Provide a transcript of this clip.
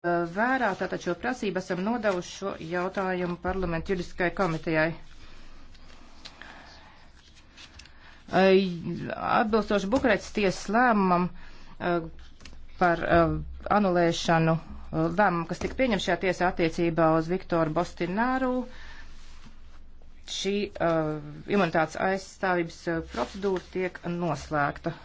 Eh, vērā tātad šo prasību esam nodevuši šo jautājumu parlamentu juridiskai komitejai. Eh, atbilstoši Bukarētas tiesas lēmumam eh, par anulēšanu lēmumu, kas tika pieņemts šajā tiesā attiecībā uz Viktoru Bostināru, šī imunitātes aizstāvības procedūra tiek noslēgta.